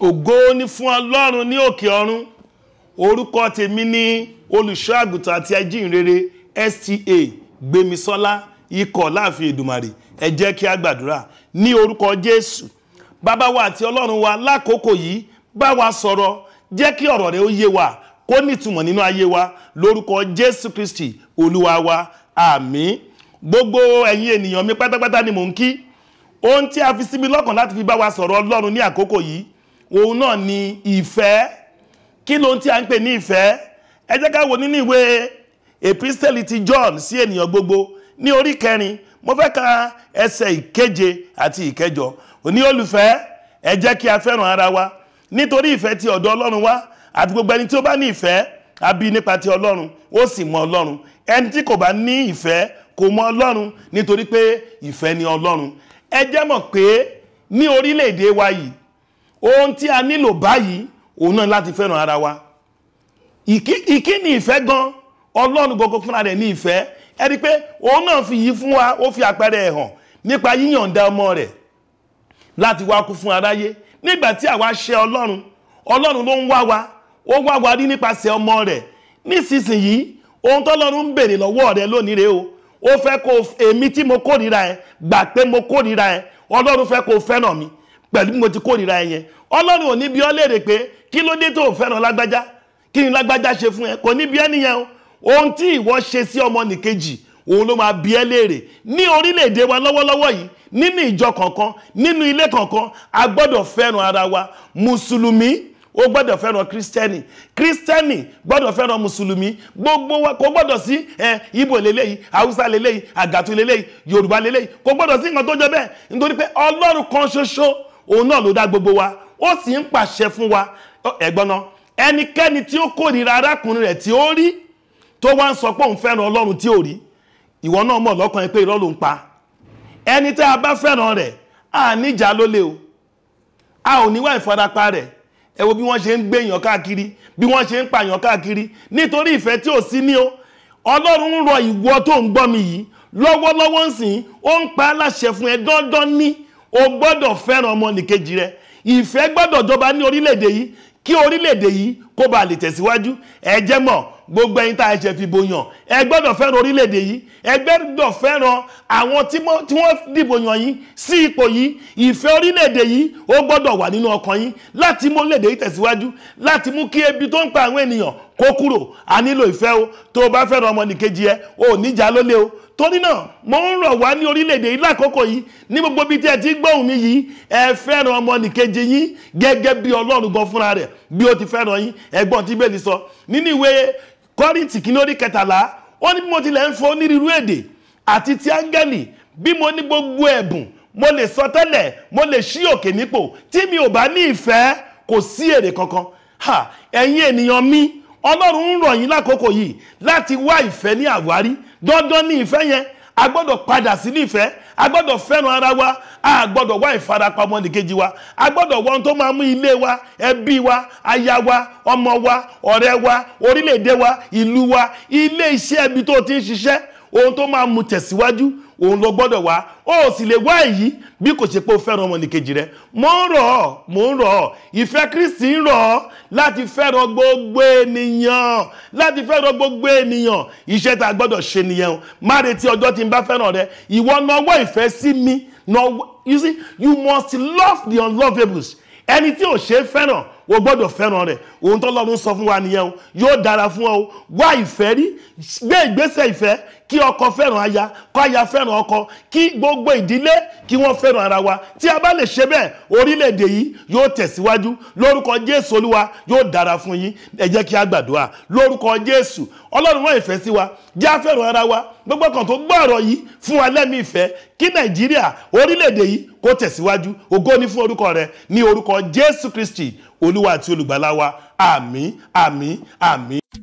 ògo ni fún ọlọ́run ní òkè ọ̀run orúkọ tèmi ní olùṣọ́ àgùntàn àti ajínrere sta gbémisọ́lá ikọ̀ láàfin èdùmàrè ẹ jẹ́ kí a gbàdúrà ní orúkọ jésù bàbá wa àti ọlọ́run wa lákòókò yìí bá wa sọ̀rọ̀ jẹ́ kí ọ̀rọ̀ rẹ̀ ó yé wa kó nítumọ̀ nínú ayé wa lórúkọ jésù kristi olúwa wa àmín gbogbo ẹ̀yin ènìyàn mi pátápátá ni mò ń kí ohun tí a fi sí mi lọ́kàn láti fi bá wa sọ̀rọ̀ ọlọ́run ní àkókò yìí òun náà ni ìfẹ́ kí ló ń tí a ń pè ní ìfẹ́ ẹ wo nínú ìwé epistẹ́lì ti John sí ènìyàn gbogbo ní orí kẹrin mo fẹ́ ka ẹsẹ̀ ìkeje àti ìkẹjọ òní olùfẹ́ ẹ kí a fẹ́ràn ara wa nítorí ìfẹ́ ti ọ̀dọ̀ Ọlọ́run wá àti gbogbo ẹni tí ó bá ní ìfẹ́ a nípa ti Ọlọ́run ó sì mọ Ọlọ́run ẹni tí kò bá ní mọ Ọlọ́run nítorí pé ìfẹ́ ni Ọlọ́run ẹ mọ̀ pé ní ohun tí a nílò báyìí òun náà láti fẹ́ràn ara wa ìkí ni ìfẹ́ gan ọlọ́run gbogbo fúnra rẹ̀ ní ìfẹ́ ẹni pé òun náà fi yí fún wa ó fi àpẹẹrẹ hàn nípa yíyànda ọmọ rẹ̀ láti wá kú fún aráyé nígbà tí àwa ṣẹ̀ ọlọ́run ọlọ́run ló ń wá wa ó wá wa rí nípasẹ̀ ọmọ rẹ̀ nísinsìnyí ohun tọ́lọ́run ń bèrè lọ́wọ́ rẹ̀ lónìí rẹ o ó fẹ́ kó èmi tí mo kórìíra ẹ gbà pé mo kórìíra ẹ ọlọ́run fẹ́ kó fẹ́ràn mi pẹ̀lú mo ti kórìíra ẹ yẹn ọlọ́run ò ní bi ọ́ léèrè pé kí ló dé tó fẹ́ràn lágbájá kí ni lágbájá ṣe fún ẹ kò ní bi ẹ́ nìyẹn o ohun tí ìwọ ṣe sí ọmọnìkejì òun ló máa bi ẹ́ léèrè ní orílẹ̀-èdè wa lọ́wọ́lọ́wọ́ yìí nínú ìjọ kọ̀ọ̀kan nínú ilé kọ̀ọ̀kan a gbọ́dọ̀ fẹ́ràn ara wa mùsùlùmí ó gbọ́dọ̀ fẹ́ràn kírísítẹ́nì kírísítẹ́nì gbọ́dọ̀ fẹ́ràn mùsùlùmí gbogbo wa kò gbọ́dọ̀ sí ẹ ibo lélẹ́yìí haúsá lélẹ́yìí àgàtú lélẹ́yìí yorùbá lélẹ́yìí kò gbọ́dọ̀ sí nǹkan tó jẹ bẹ́ẹ̀ nítorí pé ọlọ́run kan ṣoṣo òun náà ló dá gbogbo wa ó sì ń pàṣẹ fún wa ẹ̀gbọ́n náà ẹnikẹ́ni tí ó kórìíra arákùnrin rẹ̀ tí ó rí tó wá ń sọ pé òun fẹ́ràn ọlọ́run tí ò rí ìwọ náà mọ̀ lọ́kàn pé irọ́ ló ń pa ẹni tá a bá fẹ́ràn rẹ̀ a níjà lólè o a ò níwá ìfarapa rẹ̀ ẹ wo bí wọ́n ṣe ń gbéyàn káàkiri bí wọ́n ṣe ń pààyàn káàkiri nítorí ìfẹ́ tí ò sí ní o ọlọ́run ń rọ ìwọ tó ń gbọ́ mi yìí lọ́wọ́lọ́wọ́ ń sìn ó ń pa á láṣẹ fún ẹ dandan ní o gbọ́dọ̀ fẹ́ràn ọmọnìkejì rẹ ìfẹ́ gbọ́dọ̀ jọba ní orílẹ̀-èdè yìí kí orílẹ̀-èdè yìí kó ba lè tẹ̀síwájú ẹ jẹ́ mọ̀ gbogbo ẹ̀yin tá a ṣe fi bòyàn ẹ gbọ́dọ̀ fẹ́ràn orílẹ̀-èdè yìí ẹ gbọ́dọ̀ fẹ́ràn àwọn tí wọ́n dìbò yàn yín sí ipò yìí ìfẹ́ orílẹ̀-èdè yìí ó gbọ́dọ̀ wà nínú ọkàn yín láti mú orílẹ̀-èdè yìí tẹ̀síwájú láti mú kí ebi tó ń pa àwọn ènìyàn kó kúrò a nílò ìfẹ́ o tó o bá fẹ́ràn ọmọnìkejì ẹ o ò níjà lólè o torí náà mo ń rọ̀ wá ní orílẹ̀-èdè yìí lákòókò yìí ní gbogbo ibi tí ẹ ti gbóhùn mi yìí ẹ fẹ́ràn ọmọnìkejì yín gẹ́gẹ́ bí Ọlọ́run gan fúnra rẹ̀ bí ó ti fẹ́ràn yín ẹ̀gbọ́n tí bẹ́ẹ̀ ni sọ nínú ìwé kọ́rìntì kí lórí kẹtàlá ó ní bí mo tilẹ̀ ń fọ onírúurú èdè àti ti áńgẹ́lì bí mo ní gbogbo ẹ̀bùn mo lè sọ tẹ́lẹ̀ mo lè ṣí òkè nípò tí mi ò bá ní ìfẹ́ kò sí èrè kankan ha ẹ̀yin ènìyàn mi ọlọ́run ń rọ̀ yín lákòókò yìí láti wá ìfẹ́ ní àwárí dandan ní ìfẹ́ yẹn a gbọ́dọ̀ padà sí nífẹ̀ẹ́ a gbọ́dọ̀ fẹ́ràn ara wa a gbọ́dọ̀ wá ìfarapa ọmọnìkejì wa a gbọ́dọ̀ wọ ohun tó máa mú ilé wa ẹbí wa aya wa ọmọ wa ọ̀rẹ́ wa orílẹ̀-èdè wa ìlú wa ilé iṣẹ́ ibi tó ti ń ṣiṣẹ́ ohun tó máa mú tẹ̀síwájú òun ló gbọ́dọ̀ wá ó sì lè wá èyí bí kò ṣe pé ó fẹ́ràn ọmọnìkejì rẹ mò ń rọ̀ ọ́ mò ń rọ̀ ọ́ ìfẹ́ Kristi ń rọ̀ ọ́ láti fẹ́ràn gbogbo ènìyàn láti fẹ́ràn gbogbo ènìyàn iṣẹ́ tá a gbọ́dọ̀ ṣe nìyẹn o má retí ọjọ́ tí n bá fẹ́ràn rẹ ìwọ nawọ́ ìfẹ́ sí mi nawọ́ you see you must love the unlovables ẹni tí ò ṣe é fẹ́ràn o gbọ́dọ̀ fẹ́ràn rẹ̀ ohun tó lọ́run sọ fún wa nìyẹn o yóò dára fún ọ o wá ìfẹ́ rí gbé ìgbésẹ̀ ìfẹ́ kí ọkọ fẹ́ràn aya kó aya fẹ́ràn ọkọ kí gbogbo ìdílé kí wọ́n fẹ́ràn ara wa tí a bá lè ṣe bẹ́ẹ̀ orílẹ̀-èdè yìí yóò tẹ̀síwájú lórúkọ jésù olúwa yóò dára fún yín ẹ jẹ́ kí a gbàdúrà lórúkọ jésù ọlọ́run wọn ìfẹ́ sí wa jẹ́ afẹ́ràn ara wa gbogbo kan tó gbọ́ ọ̀rọ̀ yìí fún wa lẹ́mí ìfẹ́ kí nàìjíríà orílẹ̀-èdè yìí kó tẹ̀síwájú ògo ni fún orúkọ rẹ ní orúkọ jésù kristi olúwa àti olùgbàlà wa àmín àmín àmín.